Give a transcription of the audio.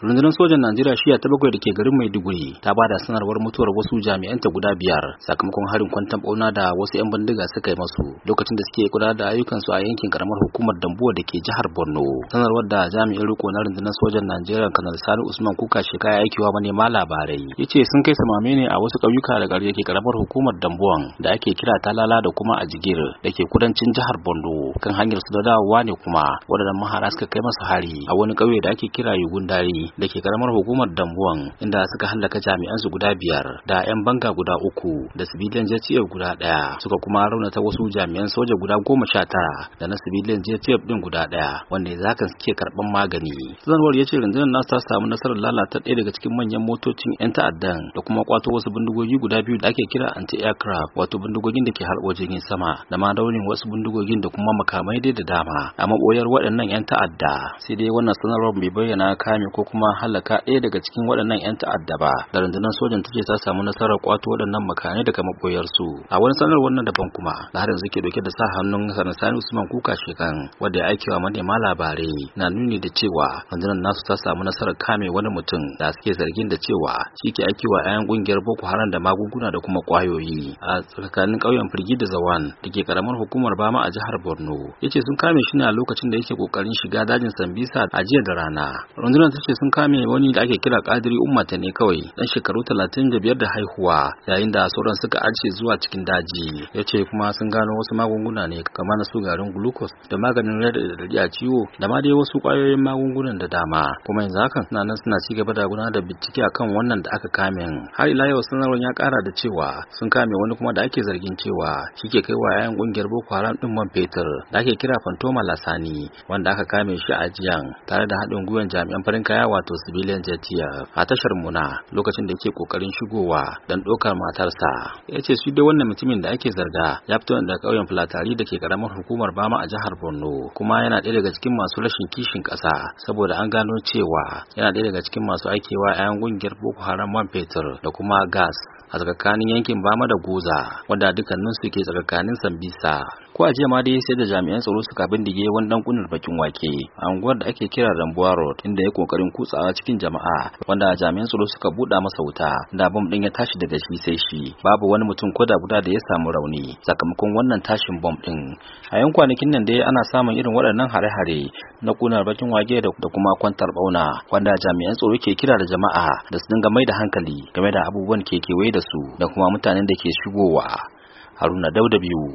rundunar sojan najeriya shiya ta bakwai da ke garin maiduguri ta bada sanarwar mutuwar wasu jami'anta guda biyar sakamakon harin kwantan bauna da wasu 'yan bindiga suka yi masu lokacin da suke kula da su a yankin karamar hukumar dambuwa da ke jihar borno sanarwar da jami'in riko na rundunar sojan najeriya kanar sani usman kuka sheka aikiwa manema labarai ya ce sun kai samame ne a wasu ƙauyuka da garin ke karamar hukumar dambuwan da ake kira talala da kuma ajigir da ke kudancin jihar borno kan hanyar su da dawowa ne kuma waɗannan mahara suka kai masu hari a wani ƙauye da ake kira yugun dari da ke karamar hukumar Dambuwan inda suka hallaka jami'an su guda biyar da 'yan banga guda uku da sibiliyan JTF guda ɗaya suka kuma raunata wasu jami'an soja guda goma sha tara da na sibiliyan JTF din guda ɗaya wanda za ka suke karban magani. Sanarwar ya ce rundunar nasu ta samu nasarar lalata ɗaya daga cikin manyan motocin 'yan ta'addan da kuma kwato wasu bindigogi guda biyu da ake kira anti-aircraft wato bindigogin da ke harbo jirgin sama da ma daunin wasu bindigogin da kuma makamai dai da dama a maboyar waɗannan 'yan ta'adda sai dai wannan sanarwar bai bayyana kame ko kuma kuma halaka ɗaya daga cikin waɗannan 'yan ta'adda ba da rundunar sojan ta ce ta samu nasarar kwato waɗannan makamai daga su. a wani sanar wannan daban kuma laharin ke dauke da sa hannun sani usman kuka shekan wanda ya aikewa manema labarai na nuni da cewa rundunar nasu ta samu nasarar kame wani mutum da suke zargin da cewa shi ke aikewa 'ya'yan ƙungiyar boko haram da magunguna da kuma kwayoyi a tsakanin ƙauyen firgi da zawan da ke karamar hukumar bama a jihar borno ya ce sun kame shi ne a lokacin da yake ƙoƙarin shiga dajin sambisa a jiya da rana rundunar ta ce sun kame wani da ake kira kadiri ummata ne kawai dan shekaru 35 da haihuwa yayin da sauran suka arce zuwa cikin daji ya ce kuma sun gano wasu magunguna ne kamar na su garin glucose da maganin dari a ciwo da ma dai wasu kwayoyin magungunan da dama kuma yanzu hakan suna nan suna ci gaba da gudanar da bincike akan wannan da aka kame har ila yau sanarwar ya kara da cewa sun kame wani kuma da ake zargin cewa shike wa yayan kungiyar boko haram din man fetur da ake kira fantoma lasani wanda aka kame shi a jiyan tare da haɗin gwiwar jami'an farin kaya wato civilian a fatashar muna lokacin da yake kokarin shigowa dan ɗaukar matarsa ya ce shi da wannan mutumin da ake zarga ya fito daga kauyen flatari da ke karamar hukumar bama a jihar borno kuma yana ɗaya daga cikin masu rashin kishin ƙasa saboda an gano cewa yana ɗaya daga cikin masu aikewa 'yan gungiyar boko haram man fetur da kuma gas a tsakanin yankin bama da goza wanda dukkaninsu ke tsakanin sambisa ko a jiya ma dai sai da jami'an tsaro suka bindige wani dan kunar bakin wake a unguwar da ake kira Rambuwa Road inda ya kokarin kutsawa cikin jama'a wanda jami'an tsaro suka buɗa masa wuta da bom din ya tashi daga shi sai shi babu wani mutum ko da guda da ya samu rauni sakamakon wannan tashin bom din a yan kwanakin nan dai ana samun irin waɗannan hare-hare na kunar bakin wake da kuma kwantar bauna wanda jami'an tsaro ke kira da jama'a da su dinga mai da hankali game da abubuwan ke da su da kuma mutanen da ke shigowa haruna dauda biyu